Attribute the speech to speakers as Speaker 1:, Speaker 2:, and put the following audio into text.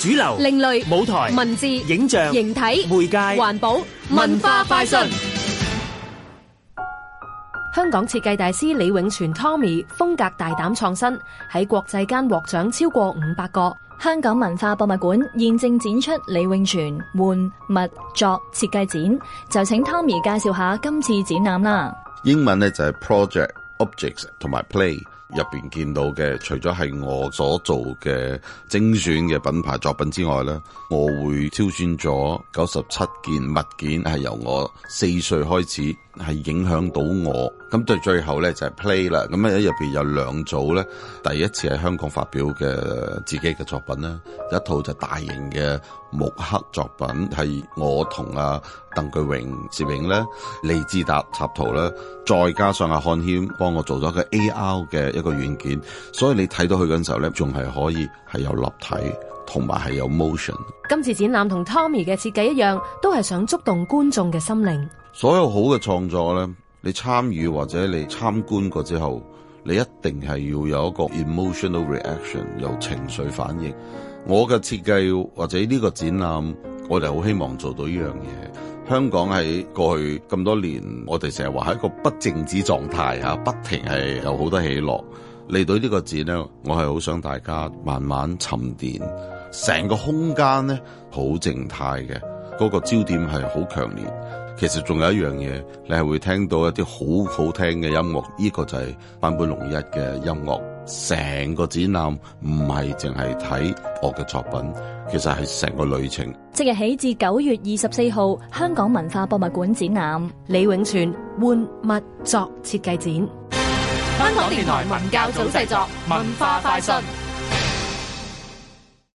Speaker 1: 主流、另類舞台、文字、影像、形體、媒介、環保、文化快訊。香港設計大師李永全 Tommy 風格大膽創新，喺國際間獲獎超過五百個。香港
Speaker 2: 文化博物館現正展出李永全玩物作設計展，就請 Tommy 介紹下今次展覽啦。
Speaker 3: 英文呢就係 project objects 同埋 play。入邊見到嘅，除咗係我所做嘅精選嘅品牌作品之外咧，我會挑選咗九十七件物件，係由我四歲開始。係影響到我，咁到最後咧就係 play 啦。咁喺入邊有兩組咧，第一次喺香港發表嘅自己嘅作品啦。一套就大型嘅木刻作品，係我同阿鄧巨榮、攝影咧、李志達插圖咧，再加上阿漢謙幫我做咗一個 AR 嘅一個軟件，所以你睇到佢嘅時候咧，仲係可以係有立體同埋係有 motion。
Speaker 1: 今次展覽同 Tommy 嘅設計一樣，都係想觸動觀眾嘅心靈。
Speaker 3: 所有好嘅創作咧，你參與或者你參觀過之後，你一定係要有一個 emotional reaction，有情緒反，反應。我嘅設計或者呢個展覽，我哋好希望做到呢樣嘢。香港喺過去咁多年，我哋成日話係一個不靜止狀態吓，不停係有好多起落。嚟到呢個展咧，我係好想大家慢慢沉澱，成個空間咧好靜態嘅。嗰個焦點係好強烈，其實仲有一樣嘢，你係會聽到一啲好好聽嘅音樂，呢個就係坂本龍一嘅音樂。成個展覽唔係淨係睇我嘅作品，其實係成個旅程。
Speaker 2: 即日起至九月二十四號，香港文化博物館展覽李永銓換物作設計展。香港電台文教組製作，文化快訊。